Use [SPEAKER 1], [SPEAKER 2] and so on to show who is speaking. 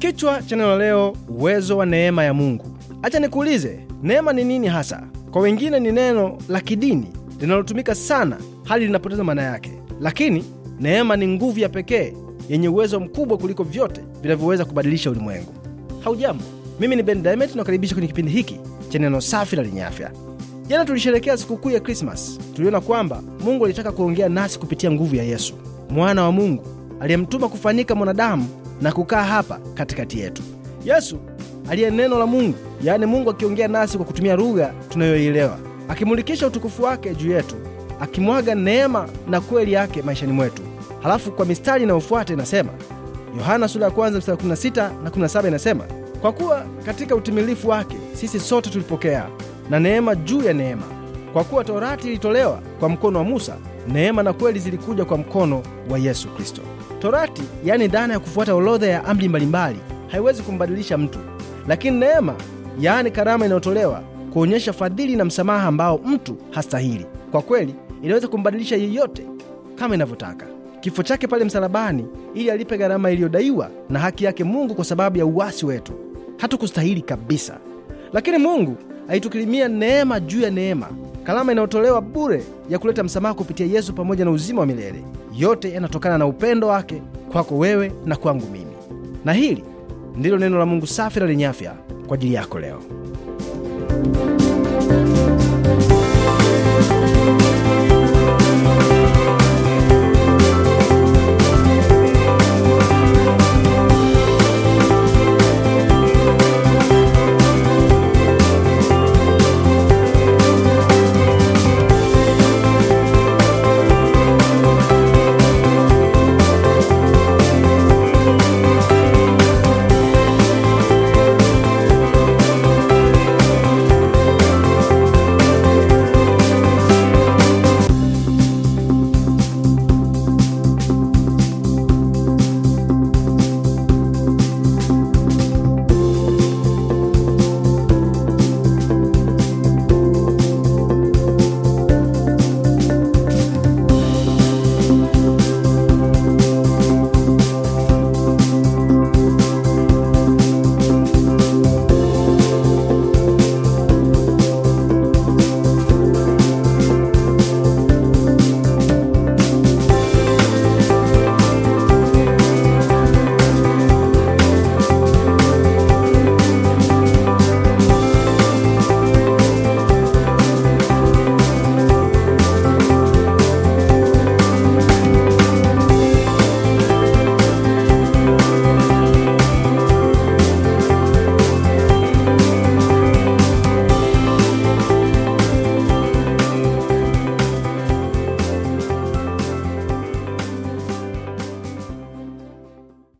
[SPEAKER 1] Kichwa cha neno leo, uwezo wa neema ya Mungu. Acha nikuulize, neema ni nini hasa? Kwa wengine ni neno la kidini linalotumika sana hali linapoteza maana yake, lakini neema ni nguvu ya pekee yenye uwezo mkubwa kuliko vyote vinavyoweza kubadilisha ulimwengu. Haujambo, mimi ni Ben Diamond, nakaribisha kwenye kipindi hiki cha neno safi na lenye afya. Jana tulisherekea sikukuu ya Krismasi. Tuliona kwamba Mungu alitaka kuongea nasi kupitia nguvu ya Yesu mwana wa Mungu aliyemtuma kufanyika mwanadamu na kukaa hapa katikati yetu. Yesu aliye neno la Mungu, yaani Mungu akiongea nasi kwa kutumia lugha tunayoielewa, akimulikisha utukufu wake juu yetu, akimwaga neema na kweli yake maishani mwetu. Halafu kwa mistari inayofuata inasema, Yohana sura ya kwanza mstari 16 na 17 inasema, kwa kuwa katika utimilifu wake sisi sote tulipokea, na neema juu ya neema. Kwa kuwa torati ilitolewa kwa mkono wa Musa, neema na kweli zilikuja kwa mkono wa Yesu Kristo. Torati, yani dhana ya kufuata orodha ya amri mbalimbali, haiwezi kumbadilisha mtu, lakini neema, yani karama inayotolewa kuonyesha fadhili na msamaha ambao mtu hastahili, kwa kweli inaweza kumbadilisha yeyote kama inavyotaka. Kifo chake pale msalabani ili alipe gharama iliyodaiwa na haki yake Mungu kwa sababu ya uwasi wetu. Hatukustahili kabisa, lakini Mungu aitukirimia neema juu ya neema Kalama inayotolewa bure ya kuleta msamaha kupitia Yesu pamoja na uzima wa milele, yote yanatokana na upendo wake kwako wewe na kwangu mimi. Na hili ndilo neno la Mungu safi na lenye afya kwa ajili yako leo.